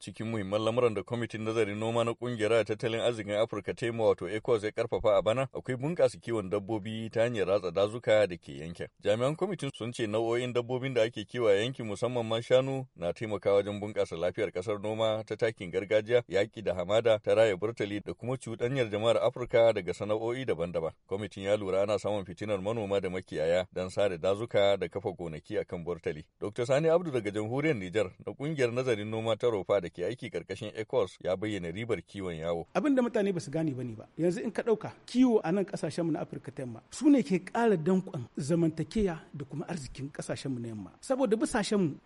cikin muhimman lamuran da kwamitin nazarin noma na kungiyar tattalin arzikin afirka tema wato ecos ya karfafa a bana akwai bunƙasa kiwon dabbobi ta hanyar ratsa dazuka da ke yankin jami'an kwamitin sun ce nau'o'in dabbobin da ake kiwa yankin musamman ma shanu na taimakawa wajen bunƙasa lafiyar ƙasar noma ta takin gargajiya yaƙi da hamada ta raya burtali da kuma cuɗanyar jama'ar afirka daga sana'o'i daban-daban kwamitin ya lura ana samun fitinar manoma da makiyaya don sare dazuka da kafa gonaki akan burtali dr sani abdu daga jamhuriyar nijar na kungiyar nazarin noma ta rofa da ke aiki karkashin ecos ya bayyana ribar kiwon yawo. Abin da mutane ba su gane ba ne ba. Yanzu in ka ɗauka kiwo a nan ƙasashenmu na Afirka ta yamma su ne ke ƙara danƙon zamantakeya da kuma arzikin ƙasashenmu na yamma. Saboda mu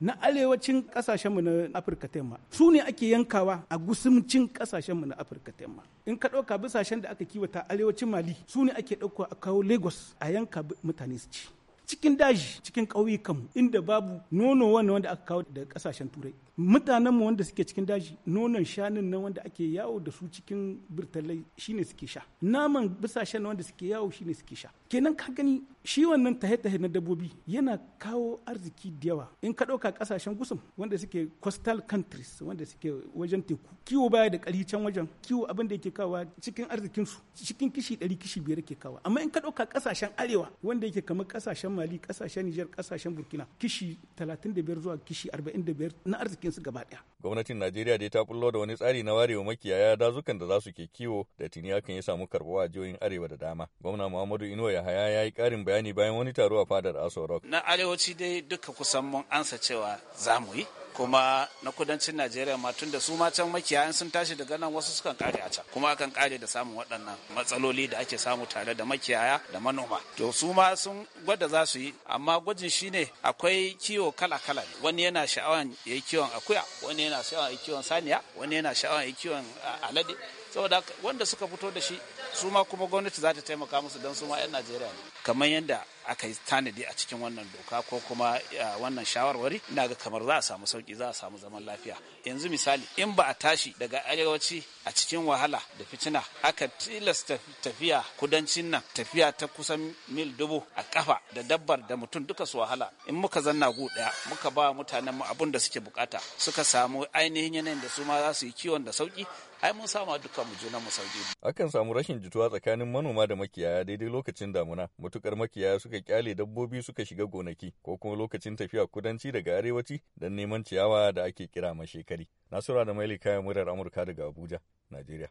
na arewacin ƙasashenmu na Afirka ta yamma su ne ake yankawa a gusumcin ƙasashenmu na Afirka ta yamma. In ka ɗauka bisashen da aka kiwata arewacin Mali su ne ake ɗauka a kawo Lagos a yanka mutane su ci. cikin daji cikin ƙauyukanmu inda babu nono wanda wanda aka kawo daga ƙasashen turai mutanenmu wanda suke cikin daji nonon shanun nan wanda ake yawo da su cikin birtalai shine suke sha naman bisashen wanda suke yawo shine suke sha kenan ka gani shi wannan tahe-tahe na dabbobi yana kawo arziki da yawa in ka ɗauka ƙasashen gusum wanda suke coastal countries wanda suke wajen teku kiwo baya da ƙari can wajen kiwo abin da yake kawo cikin arzikinsu cikin kishi ɗari kishi biyar yake kawo amma in ka ɗauka ƙasashen arewa wanda yake kamar ƙasashen mali ƙasashen nijar ƙasashen burkina kishi talatin da biyar zuwa kishi arba'in da biyar na arzikinsu gaba ɗaya Gwamnatin Najeriya dai ta bullo da wani tsari na warewa makiyaya dazukan da za su ke kiwo da tuni hakan ya samu karbuwa a jihohin arewa da dama. Gwamna Muhammadu Inuwa Yahaya ya yi ƙarin bayani bayan wani taro a fadar Aso Rock. Na arewaci dai duka kusan mun ansa cewa za mu yi kuma na kudancin najeriya ma tun da su ma can in sun tashi daga nan wasu sukan kare a can kuma akan kare da samun waɗannan matsaloli da ake samu tare da makiyaya da manoma to su ma sun gwada za su yi amma gwajin shine akwai kiwo kala kala ne wani yana sha'awan ya yi kiwon akuya wani yana sha'awan ya yi kiwon saniya wani yana sha'awan ya yi kiwon alade saboda wanda suka fito da shi su ma kuma gwamnati za ta taimaka musu don su ma 'yan najeriya ne kamar yadda aka yi tanadi a cikin wannan doka ko kuma wannan shawarwari ina ga kamar za a samu sauki za a samu zaman lafiya yanzu misali in ba a tashi daga arewaci a cikin wahala da fitina aka tilasta tafiya kudancin nan tafiya ta kusan mil dubu a kafa da dabbar da mutum duka su wahala in muka zanna gu daya muka ba mutanen mu abun da suke bukata suka samu ainihin yanayin da su ma za su yi kiwon da sauki ai mun sama duka ƙara mu mu Akan samu rashin jituwa tsakanin manoma da makiyaya daidai lokacin damuna, matukar makiyaya suka kyale dabbobi suka shiga gonaki ko kuma lokacin tafiya kudanci daga arewaci don neman ciyawa da ake kira mashekari. Nasura da Maili kayan murar Amurka daga Abuja, Najeriya.